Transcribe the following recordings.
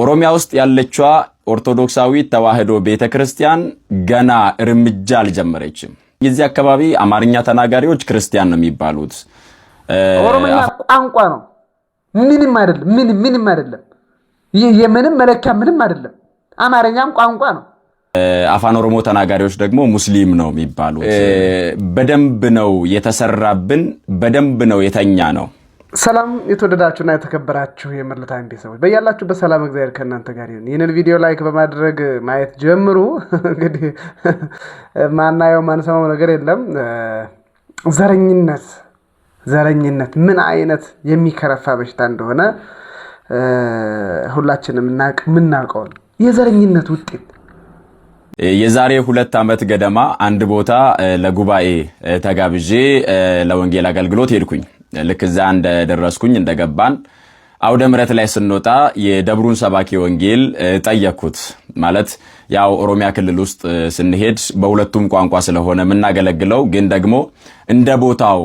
ኦሮሚያ ውስጥ ያለችዋ ኦርቶዶክሳዊ ተዋህዶ ቤተ ክርስቲያን ገና እርምጃ አልጀመረችም። የዚህ አካባቢ አማርኛ ተናጋሪዎች ክርስቲያን ነው የሚባሉት። ኦሮምኛ ቋንቋ ነው፣ ምንም አይደለም። ምንም ምንም አይደለም። የምንም መለኪያ ምንም አይደለም። አማርኛም ቋንቋ ነው። አፋን ኦሮሞ ተናጋሪዎች ደግሞ ሙስሊም ነው የሚባሉት። በደንብ ነው የተሰራብን፣ በደንብ ነው የተኛ ነው ሰላም የተወደዳችሁና የተከበራችሁ የመርል ታይም ቤተሰቦች በያላችሁ ሰላም እግዚአብሔር ከእናንተ ጋር ይሁን። ይህንን ቪዲዮ ላይክ በማድረግ ማየት ጀምሩ። እንግዲህ ማናየው ማንሰማው ነገር የለም። ዘረኝነት ዘረኝነት ምን አይነት የሚከረፋ በሽታ እንደሆነ ሁላችንም የምናውቀውን የዘረኝነት ውጤት የዛሬ ሁለት ዓመት ገደማ አንድ ቦታ ለጉባኤ ተጋብዤ ለወንጌል አገልግሎት ሄድኩኝ። ልክ እዛ እንደደረስኩኝ እንደገባን አውደ ምረት ላይ ስንወጣ የደብሩን ሰባኪ ወንጌል ጠየቅኩት። ማለት ያው ኦሮሚያ ክልል ውስጥ ስንሄድ በሁለቱም ቋንቋ ስለሆነ የምናገለግለው ግን ደግሞ እንደ ቦታው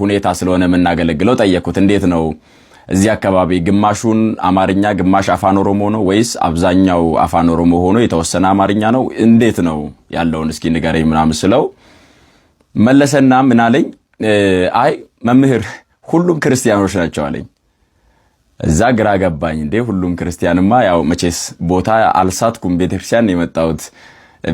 ሁኔታ ስለሆነ የምናገለግለው ጠየቅኩት። እንዴት ነው እዚህ አካባቢ ግማሹን አማርኛ ግማሽ አፋን ኦሮሞ ነው ወይስ አብዛኛው አፋን ኦሮሞ ሆኖ የተወሰነ አማርኛ ነው? እንዴት ነው ያለውን እስኪ ንገረኝ ምናምን ስለው መለሰና ምናለኝ አይ መምህር ሁሉም ክርስቲያኖች ናቸው አለኝ። እዛ ግራ ገባኝ። እንዴ ሁሉም ክርስቲያንማ ያው መቼስ ቦታ አልሳትኩም ቤተክርስቲያን የመጣሁት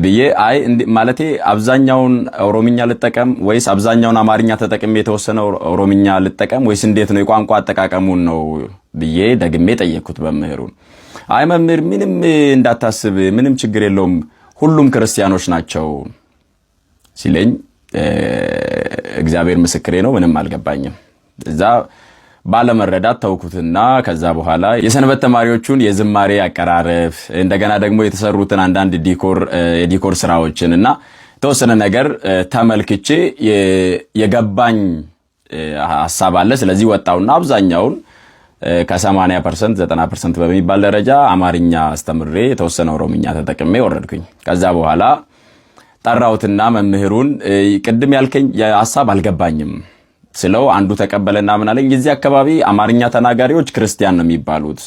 ብዬ አይ ማለቴ አብዛኛውን ኦሮምኛ ልጠቀም ወይስ አብዛኛውን አማርኛ ተጠቅሜ የተወሰነ ኦሮምኛ ልጠቀም ወይስ እንዴት ነው የቋንቋ አጠቃቀሙን ነው ብዬ ደግሜ ጠየቅኩት መምህሩን። አይ መምህር ምንም እንዳታስብ፣ ምንም ችግር የለውም ሁሉም ክርስቲያኖች ናቸው ሲለኝ እግዚአብሔር ምስክሬ ነው፣ ምንም አልገባኝም። እዛ ባለመረዳት ተውኩትና ከዛ በኋላ የሰንበት ተማሪዎቹን የዝማሬ አቀራረብ እንደገና ደግሞ የተሰሩትን አንዳንድ የዲኮር ስራዎችን እና የተወሰነ ነገር ተመልክቼ የገባኝ ሀሳብ አለ። ስለዚህ ወጣውና አብዛኛውን ከ80 ፐርሰንት 90 ፐርሰንት በሚባል ደረጃ አማርኛ አስተምሬ የተወሰነ ኦሮምኛ ተጠቅሜ ወረድኩኝ። ከዛ በኋላ ጠራሁትና መምህሩን ቅድም ያልከኝ ሀሳብ አልገባኝም ስለው አንዱ ተቀበለና ምን አለኝ፣ የዚህ አካባቢ አማርኛ ተናጋሪዎች ክርስቲያን ነው የሚባሉት፣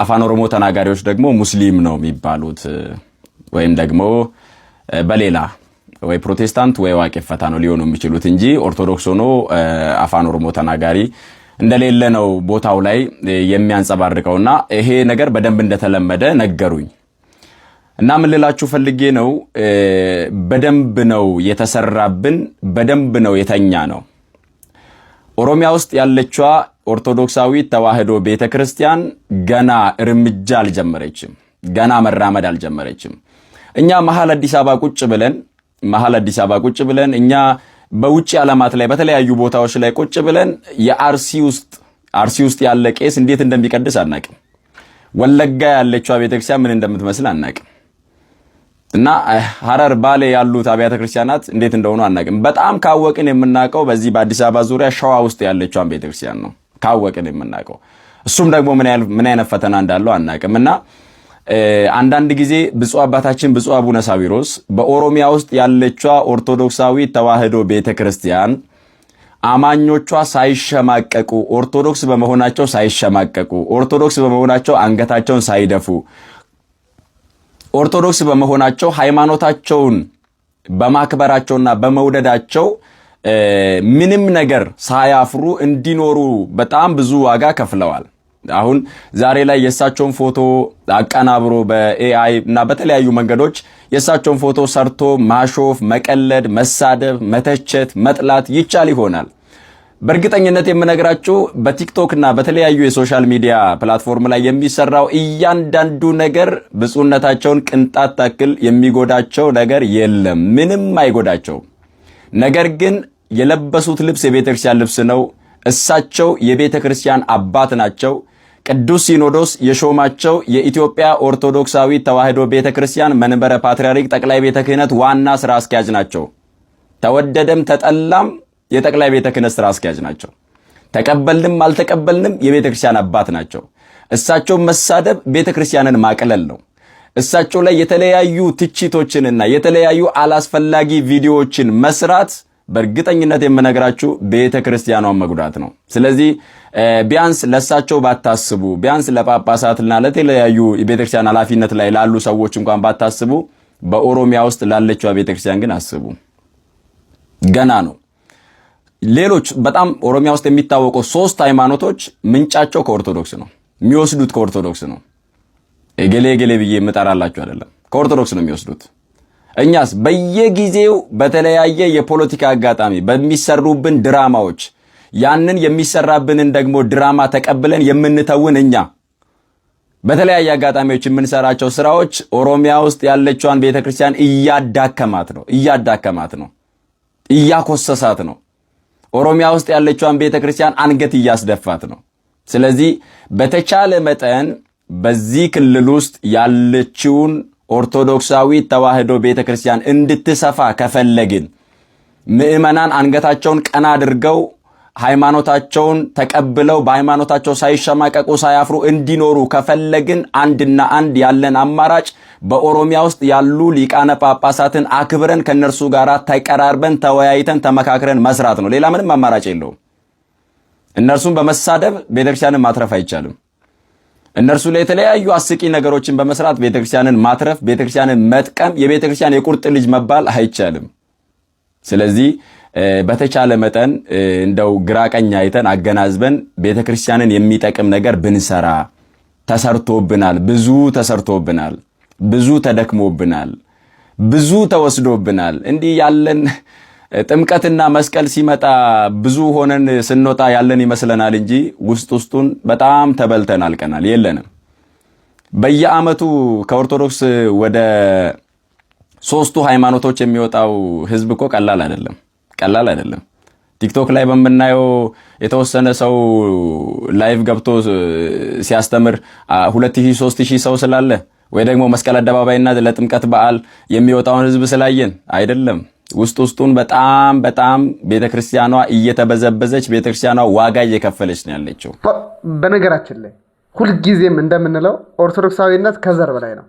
አፋን ኦሮሞ ተናጋሪዎች ደግሞ ሙስሊም ነው የሚባሉት፣ ወይም ደግሞ በሌላ ወይ ፕሮቴስታንት ወይ ዋቄ ፈታ ነው ሊሆኑ የሚችሉት እንጂ ኦርቶዶክስ ሆኖ አፋን ኦሮሞ ተናጋሪ እንደሌለ ነው ቦታው ላይ የሚያንጸባርቀውና ይሄ ነገር በደንብ እንደተለመደ ነገሩኝ። እና ምን ልላችሁ ፈልጌ ነው፣ በደንብ ነው የተሰራብን፣ በደንብ ነው የተኛ ነው። ኦሮሚያ ውስጥ ያለችዋ ኦርቶዶክሳዊ ተዋህዶ ቤተ ክርስቲያን ገና እርምጃ አልጀመረችም፣ ገና መራመድ አልጀመረችም። እኛ መሀል አዲስ አበባ ቁጭ ብለን መሀል አዲስ አበባ ቁጭ ብለን እኛ በውጭ ዓለማት ላይ በተለያዩ ቦታዎች ላይ ቁጭ ብለን የአርሲ ውስጥ አርሲ ውስጥ ያለ ቄስ እንዴት እንደሚቀድስ አናቅም። ወለጋ ያለችዋ ቤተክርስቲያን ምን እንደምትመስል አናቅም። እና ሀረር ባሌ ያሉት አብያተ ክርስቲያናት እንዴት እንደሆኑ አናውቅም። በጣም ካወቅን የምናውቀው በዚህ በአዲስ አበባ ዙሪያ ሸዋ ውስጥ ያለችዋን ቤተክርስቲያን ነው ካወቅን የምናውቀው። እሱም ደግሞ ምን አይነት ፈተና እንዳለው አናውቅም። እና አንዳንድ ጊዜ ብፁ አባታችን ብፁ አቡነ ሳዊሮስ በኦሮሚያ ውስጥ ያለችዋ ኦርቶዶክሳዊ ተዋህዶ ቤተክርስቲያን አማኞቿ ሳይሸማቀቁ ኦርቶዶክስ በመሆናቸው ሳይሸማቀቁ ኦርቶዶክስ በመሆናቸው አንገታቸውን ሳይደፉ ኦርቶዶክስ በመሆናቸው ሃይማኖታቸውን በማክበራቸውና በመውደዳቸው ምንም ነገር ሳያፍሩ እንዲኖሩ በጣም ብዙ ዋጋ ከፍለዋል። አሁን ዛሬ ላይ የእሳቸውን ፎቶ አቀናብሮ በኤአይ እና በተለያዩ መንገዶች የእሳቸውን ፎቶ ሰርቶ ማሾፍ፣ መቀለድ፣ መሳደብ፣ መተቸት፣ መጥላት ይቻል ይሆናል። በእርግጠኝነት የምነግራችሁ በቲክቶክ እና በተለያዩ የሶሻል ሚዲያ ፕላትፎርም ላይ የሚሰራው እያንዳንዱ ነገር ብፁዕነታቸውን ቅንጣት ታክል የሚጎዳቸው ነገር የለም። ምንም አይጎዳቸው። ነገር ግን የለበሱት ልብስ የቤተ ክርስቲያን ልብስ ነው። እሳቸው የቤተ ክርስቲያን አባት ናቸው። ቅዱስ ሲኖዶስ የሾማቸው የኢትዮጵያ ኦርቶዶክሳዊ ተዋሕዶ ቤተ ክርስቲያን መንበረ ፓትርያርክ ጠቅላይ ቤተ ክህነት ዋና ስራ አስኪያጅ ናቸው። ተወደደም ተጠላም የጠቅላይ ቤተ ክህነት ስራ አስኪያጅ ናቸው። ተቀበልንም አልተቀበልንም የቤተ ክርስቲያን አባት ናቸው። እሳቸውን መሳደብ ቤተ ክርስቲያንን ማቅለል ነው። እሳቸው ላይ የተለያዩ ትችቶችንና የተለያዩ አላስፈላጊ ቪዲዮዎችን መስራት በእርግጠኝነት የምነግራችሁ ቤተ ክርስቲያኗን መጉዳት ነው። ስለዚህ ቢያንስ ለእሳቸው ባታስቡ፣ ቢያንስ ለጳጳሳትና ለተለያዩ የቤተ ክርስቲያን ኃላፊነት ላይ ላሉ ሰዎች እንኳን ባታስቡ፣ በኦሮሚያ ውስጥ ላለችዋ ቤተ ክርስቲያን ግን አስቡ። ገና ነው። ሌሎች በጣም ኦሮሚያ ውስጥ የሚታወቁ ሶስት ሃይማኖቶች ምንጫቸው ከኦርቶዶክስ ነው። የሚወስዱት ከኦርቶዶክስ ነው። እገሌ እገሌ ብዬ የምጠራላችሁ አይደለም፣ ከኦርቶዶክስ ነው የሚወስዱት። እኛስ በየጊዜው በተለያየ የፖለቲካ አጋጣሚ በሚሰሩብን ድራማዎች ያንን የሚሰራብንን ደግሞ ድራማ ተቀብለን የምንተውን እኛ በተለያየ አጋጣሚዎች የምንሰራቸው ስራዎች ኦሮሚያ ውስጥ ያለችዋን ቤተክርስቲያን እያዳከማት ነው፣ እያዳከማት ነው፣ እያኮሰሳት ነው። ኦሮሚያ ውስጥ ያለችዋን ቤተ ክርስቲያን አንገት እያስደፋት ነው። ስለዚህ በተቻለ መጠን በዚህ ክልል ውስጥ ያለችውን ኦርቶዶክሳዊ ተዋህዶ ቤተ ክርስቲያን እንድትሰፋ ከፈለግን ምዕመናን አንገታቸውን ቀና አድርገው ሃይማኖታቸውን ተቀብለው በሃይማኖታቸው ሳይሸማቀቁ ሳያፍሩ እንዲኖሩ ከፈለግን አንድና አንድ ያለን አማራጭ በኦሮሚያ ውስጥ ያሉ ሊቃነ ጳጳሳትን አክብረን ከእነርሱ ጋር ተቀራርበን ተወያይተን ተመካክረን መስራት ነው። ሌላ ምንም አማራጭ የለውም። እነርሱን በመሳደብ ቤተክርስቲያንን ማትረፍ አይቻልም። እነርሱ ላይ የተለያዩ አስቂ ነገሮችን በመስራት ቤተክርስቲያንን ማትረፍ፣ ቤተክርስቲያንን መጥቀም፣ የቤተክርስቲያን የቁርጥ ልጅ መባል አይቻልም። ስለዚህ በተቻለ መጠን እንደው ግራ ቀኝ አይተን አገናዝበን ቤተክርስቲያንን የሚጠቅም ነገር ብንሰራ ተሰርቶብናል፣ ብዙ ተሰርቶብናል፣ ብዙ ተደክሞብናል፣ ብዙ ተወስዶብናል። እንዲህ ያለን ጥምቀትና መስቀል ሲመጣ ብዙ ሆነን ስንወጣ ያለን ይመስለናል እንጂ ውስጥ ውስጡን በጣም ተበልተን አልቀናል። የለንም። በየዓመቱ ከኦርቶዶክስ ወደ ሶስቱ ሃይማኖቶች የሚወጣው ህዝብ እኮ ቀላል አይደለም። ቀላል አይደለም። ቲክቶክ ላይ በምናየው የተወሰነ ሰው ላይቭ ገብቶ ሲያስተምር ሁለት ሺህ ሺህ ሰው ስላለ ወይ ደግሞ መስቀል አደባባይና ለጥምቀት በዓል የሚወጣውን ህዝብ ስላየን አይደለም። ውስጥ ውስጡን በጣም በጣም ቤተክርስቲያኗ እየተበዘበዘች ቤተክርስቲያኗ ዋጋ እየከፈለች ነው ያለችው። በነገራችን ላይ ሁልጊዜም እንደምንለው ኦርቶዶክሳዊነት ከዘር በላይ ነው፣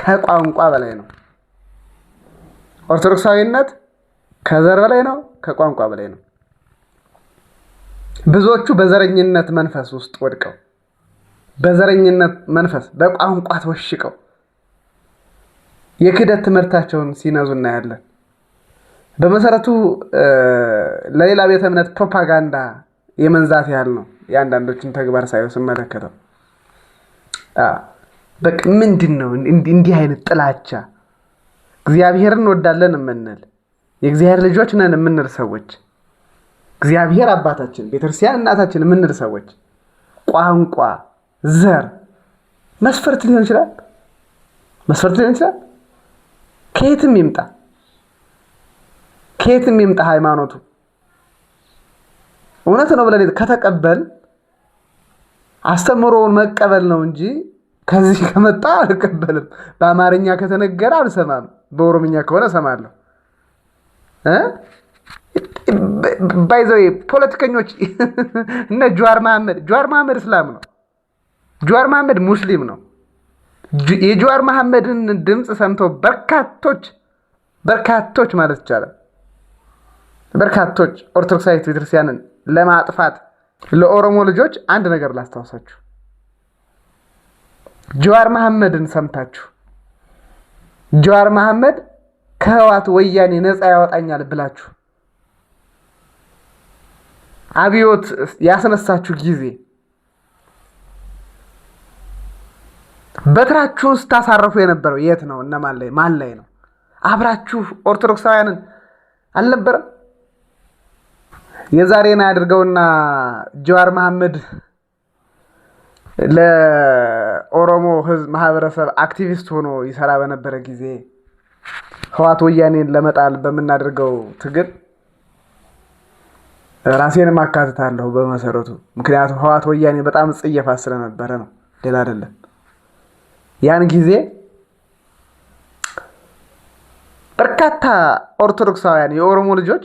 ከቋንቋ በላይ ነው። ኦርቶዶክሳዊነት ከዘር በላይ ነው ከቋንቋ በላይ ነው። ብዙዎቹ በዘረኝነት መንፈስ ውስጥ ወድቀው በዘረኝነት መንፈስ በቋንቋ ተወሽቀው የክህደት ትምህርታቸውን ሲነዙ እናያለን። በመሰረቱ ለሌላ ቤተ እምነት ፕሮፓጋንዳ የመንዛት ያህል ነው። የአንዳንዶችን ተግባር ሳይ ስመለከተው በቃ ምንድን ነው እንዲህ አይነት ጥላቻ? እግዚአብሔርን እንወዳለን የምንል የእግዚአብሔር ልጆች ነን የምንል ሰዎች እግዚአብሔር አባታችን ቤተክርስቲያን እናታችን የምንል ሰዎች ቋንቋ፣ ዘር መስፈርት ሊሆን ይችላል፣ መስፈርት ሊሆን ይችላል። ከየትም ይምጣ ከየትም ይምጣ ሃይማኖቱ እውነት ነው ብለን ከተቀበል አስተምሮውን መቀበል ነው እንጂ ከዚህ ከመጣ አልቀበልም። በአማርኛ ከተነገረ አልሰማም። በኦሮምኛ ከሆነ ሰማለሁ ባይዘው ፖለቲከኞች እነ ጀዋር መሐመድ ጀዋር መሐመድ እስላም ነው። ጀዋር መሐመድ ሙስሊም ነው። የጀዋር መሐመድን ድምፅ ሰምቶ በርካቶች በርካቶች ማለት ይቻላል በርካቶች ኦርቶዶክሳዊት ቤተክርስቲያንን ለማጥፋት ለኦሮሞ ልጆች አንድ ነገር ላስታውሳችሁ። ጀዋር መሐመድን ሰምታችሁ ጀዋር መሐመድ ከህዋት ወያኔ ነፃ ያወጣኛል ብላችሁ አብዮት ያስነሳችሁ ጊዜ በትራችሁ ስታሳርፉ የነበረው የት ነው? እነማን ማን ላይ ነው? አብራችሁ ኦርቶዶክሳውያንን አልነበረም? የዛሬን አድርገውና ጀዋር መሐመድ ለኦሮሞ ህዝብ ማህበረሰብ አክቲቪስት ሆኖ ይሰራ በነበረ ጊዜ ህዋት ወያኔን ለመጣል በምናደርገው ትግል ራሴንም አካትታለሁ በመሰረቱ። ምክንያቱም ህዋት ወያኔ በጣም ጽየፋ ስለነበረ ነው፣ ሌላ አይደለም። ያን ጊዜ በርካታ ኦርቶዶክሳውያን የኦሮሞ ልጆች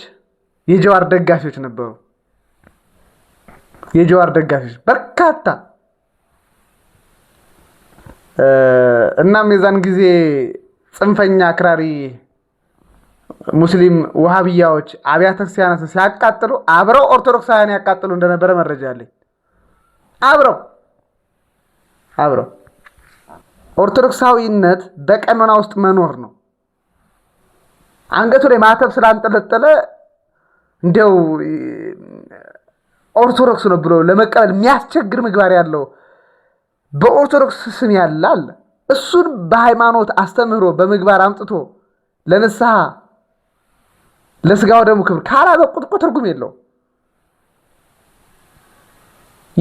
የጀዋር ደጋፊዎች ነበሩ። የጀዋር ደጋፊዎች በርካታ እናም የዛን ጊዜ ጽንፈኛ አክራሪ ሙስሊም ውሃብያዎች አብያተ ክርስቲያናት ሲያቃጥሉ አብረው ኦርቶዶክሳውያን ያቃጥሉ እንደነበረ መረጃ አለኝ። አብረው አብረው ኦርቶዶክሳዊነት በቀኖና ውስጥ መኖር ነው። አንገቱ ላይ ማተብ ስላንጠለጠለ እንዲያው ኦርቶዶክስ ነው ብሎ ለመቀበል የሚያስቸግር ምግባር ያለው በኦርቶዶክስ ስም ያለ አለ። እሱን በሃይማኖት አስተምህሮ በምግባር አምጥቶ ለንስሐ ለስጋው ደግሞ ክብር ካላበቁት እኮ ትርጉም የለው።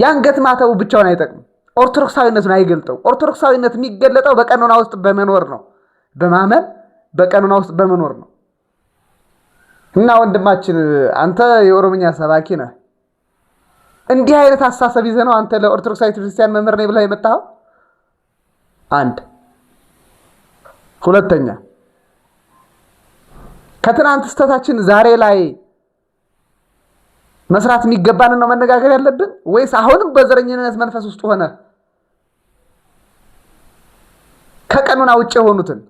የአንገት ማተቡ ብቻውን አይጠቅም። ኦርቶዶክሳዊነቱን አይገልጠው። ኦርቶዶክሳዊነት የሚገለጠው በቀኖና ውስጥ በመኖር ነው፣ በማመን በቀኖና ውስጥ በመኖር ነው። እና ወንድማችን አንተ የኦሮምኛ ሰባኪ ነህ። እንዲህ አይነት አስተሳሰብ ይዘህ ነው አንተ ለኦርቶዶክሳዊ ቤተክርስቲያን መምህር ነኝ ብለህ የመጣኸው? አንድ ሁለተኛ ከትናንት ስህተታችን ዛሬ ላይ መስራት የሚገባንን ነው መነጋገር ያለብን ወይስ አሁንም በዘረኝነት መንፈስ ውስጥ ሆነ ከቀኑና ውጭ የሆኑትን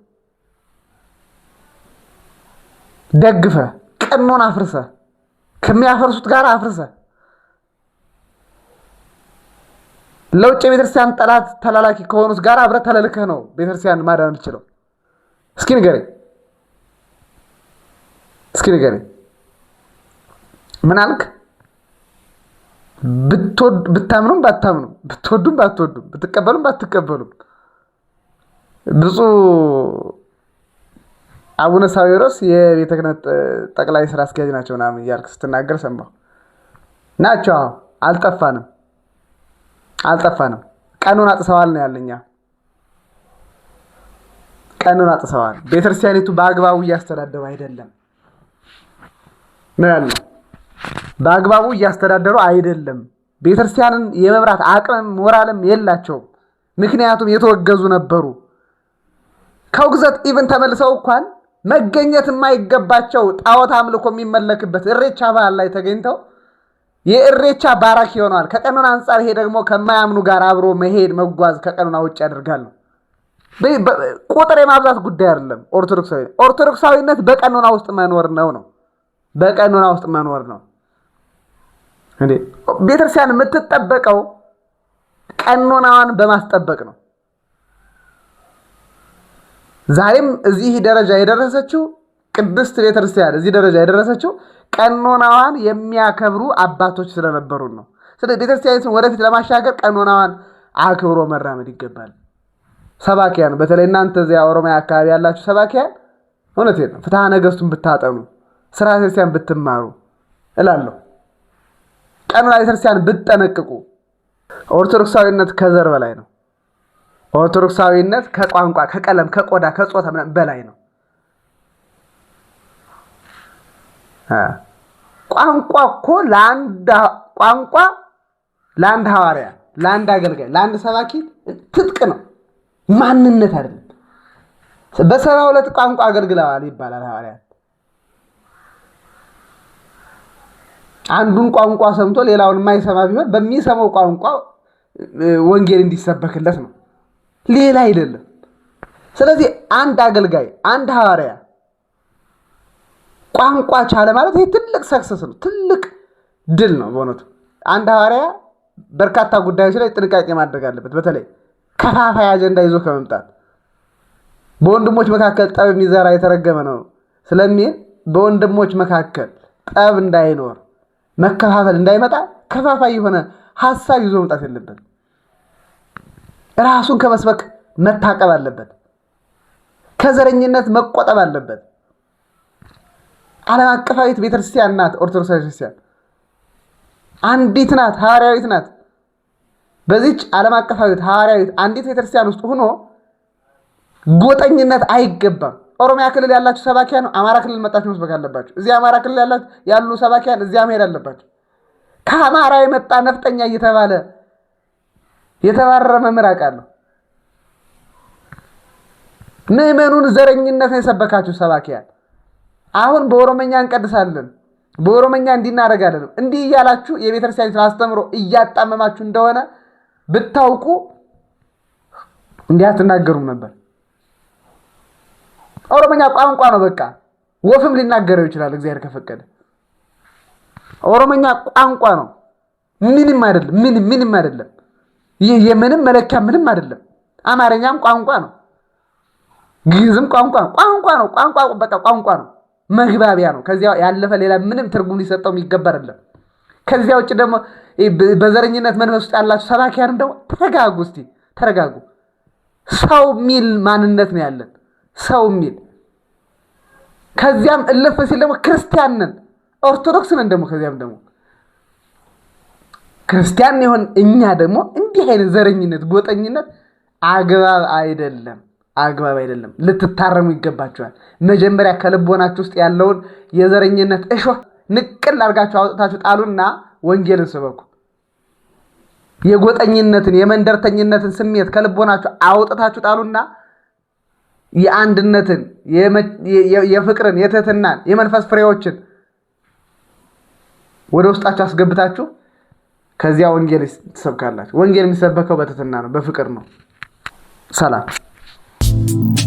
ደግፈ ቀኑን አፍርሰ ከሚያፈርሱት ጋር አፍርሰ ለውጭ የቤተክርስቲያን ጠላት ተላላኪ ከሆኑት ጋር አብረህ ተለልከህ ነው ቤተክርስቲያን ማዳን የምትችለው። እስኪ ንገረኝ፣ እስኪ ንገረኝ። ምን አልክ? ብታምኑም ባታምኑም፣ ብትወዱም ባትወዱም፣ ብትቀበሉም ባትቀበሉም ብፁዕ አቡነ ሳዊሮስ የቤተ ክህነት ጠቅላይ ስራ አስኪያጅ ናቸው ምናምን እያልክ ስትናገር ሰማሁ። ናቸው አልጠፋንም። አልጠፋንም። ቀኑን አጥሰዋል ነው ያለኛ። ቀኑን አጥሰዋል። ቤተክርስቲያኒቱ በአግባቡ እያስተዳደሩ አይደለም ነው ያለ። በአግባቡ እያስተዳደሩ አይደለም። ቤተክርስቲያንን የመብራት አቅምም ሞራልም የላቸውም። ምክንያቱም የተወገዙ ነበሩ። ከውግዘት ኢቭን ተመልሰው እንኳን መገኘት የማይገባቸው ጣዖት አምልኮ የሚመለክበት እሬቻ ባህል ላይ ተገኝተው የእሬቻ ባራክ ይሆነዋል። ከቀኖና አንጻር ይሄ ደግሞ ከማያምኑ ጋር አብሮ መሄድ መጓዝ ከቀኖና ውጭ ያደርጋል ነው። ቁጥር የማብዛት ጉዳይ አይደለም። ኦርቶዶክሳዊ ኦርቶዶክሳዊነት በቀኖና ውስጥ መኖር ነው ነው በቀኖና ውስጥ መኖር ነው። እንዴ ቤተክርስቲያን የምትጠበቀው ቀኖናዋን በማስጠበቅ ነው። ዛሬም እዚህ ደረጃ የደረሰችው ቅድስት ቤተክርስቲያን እዚህ ደረጃ የደረሰችው ቀኖናዋን የሚያከብሩ አባቶች ስለነበሩን ነው። ስለዚህ ቤተክርስቲያኒቱን ወደፊት ለማሻገር ቀኖናዋን አክብሮ መራመድ ይገባል። ሰባኪያን፣ በተለይ እናንተ እዚያ ኦሮሚያ አካባቢ ያላችሁ ሰባኪያን፣ እውነት ነው ፍትሐ ነገሥቱን ብታጠኑ፣ ስራ ቤተክርስቲያን ብትማሩ እላለሁ። ቀኖና ቤተክርስቲያን ብትጠነቅቁ። ኦርቶዶክሳዊነት ከዘር በላይ ነው። ኦርቶዶክሳዊነት ከቋንቋ፣ ከቀለም፣ ከቆዳ፣ ከጾታ በላይ ነው። ቋንቋ እኮ ቋንቋ ለአንድ ሐዋርያ፣ ለአንድ አገልጋይ፣ ለአንድ ሰባኪ ትጥቅ ነው፣ ማንነት አይደለም። በሰባ ሁለት ቋንቋ አገልግለዋል ይባላል ሐዋርያት። አንዱን ቋንቋ ሰምቶ ሌላውን የማይሰማ ቢሆን በሚሰማው ቋንቋ ወንጌል እንዲሰበክለት ነው፣ ሌላ አይደለም። ስለዚህ አንድ አገልጋይ፣ አንድ ሐዋርያ ቋንቋ ቻለ ማለት ይሄ ትልቅ ሰክሰስ ነው፣ ትልቅ ድል ነው። በእውነቱ አንድ ሐዋርያ በርካታ ጉዳዮች ላይ ጥንቃቄ ማድረግ አለበት። በተለይ ከፋፋይ አጀንዳ ይዞ ከመምጣት በወንድሞች መካከል ጠብ የሚዘራ የተረገመ ነው ስለሚል በወንድሞች መካከል ጠብ እንዳይኖር መከፋፈል እንዳይመጣ ከፋፋይ የሆነ ሀሳብ ይዞ መምጣት የለበት። ራሱን ከመስበክ መታቀብ አለበት። ከዘረኝነት መቆጠብ አለበት። ዓለም አቀፋዊት ቤተክርስቲያን ናት። ኦርቶዶክስ ቤተክርስቲያን አንዲት ናት፣ ሐዋርያዊት ናት። በዚች ዓለም አቀፋዊት ሐዋርያዊት አንዲት ቤተክርስቲያን ውስጥ ሆኖ ጎጠኝነት አይገባም። ኦሮሚያ ክልል ያላችሁ ሰባኪያን አማራ ክልል መጣችሁ መስበክ አለባችሁ። እዚህ አማራ ክልል ያላችሁ ያሉ ሰባኪያን እዚያ መሄድ አለባችሁ። ከአማራ የመጣ ነፍጠኛ እየተባለ የተባረረ መምህር አውቃለሁ። ምዕመኑን ዘረኝነት ነው የሰበካችሁ ሰባኪያን አሁን በኦሮመኛ እንቀድሳለን፣ በኦሮመኛ እንዲህ እናደርጋለን፣ እንዲህ እያላችሁ የቤተክርስቲያን አስተምሮ እያጣመማችሁ እንደሆነ ብታውቁ እንዲህ አትናገሩም ነበር። ኦሮመኛ ቋንቋ ነው። በቃ ወፍም ሊናገረው ይችላል እግዚአብሔር ከፈቀደ። ኦሮመኛ ቋንቋ ነው። ምንም አይደለም። ምንም ምንም አይደለም። ይህ የምንም መለኪያ ምንም አይደለም። አማርኛም ቋንቋ ነው። ግዕዝም ቋንቋ ነው። ቋንቋ ነው። ቋንቋ በቃ ቋንቋ ነው። መግባቢያ ነው። ከዚያ ያለፈ ሌላ ምንም ትርጉም ሊሰጠው የሚገባ ከዚያ ውጭ ደግሞ በዘረኝነት መንፈስ ውስጥ ያላችሁ ሰባኪያንም ደግሞ ተረጋጉ፣ እስቲ ተረጋጉ። ሰው ሚል ማንነት ነው ያለን ሰው ሚል። ከዚያም እለፈ ሲል ደግሞ ክርስቲያን ነን፣ ኦርቶዶክስ ነን። ደግሞ ከዚያም ደግሞ ክርስቲያን የሆን እኛ ደግሞ እንዲህ አይነት ዘረኝነት፣ ጎጠኝነት አግባብ አይደለም። አግባብ አይደለም። ልትታረሙ ይገባችኋል። መጀመሪያ ከልቦናችሁ ውስጥ ያለውን የዘረኝነት እሾህ ንቅል አድርጋችሁ አውጥታችሁ ጣሉና ወንጌልን ስበኩ። የጎጠኝነትን የመንደርተኝነትን ስሜት ከልቦናችሁ አውጥታችሁ ጣሉና የአንድነትን፣ የፍቅርን፣ የትህትናን፣ የመንፈስ ፍሬዎችን ወደ ውስጣችሁ አስገብታችሁ ከዚያ ወንጌል ትሰብካላችሁ። ወንጌል የሚሰበከው በትህትና ነው፣ በፍቅር ነው። ሰላም Thank you.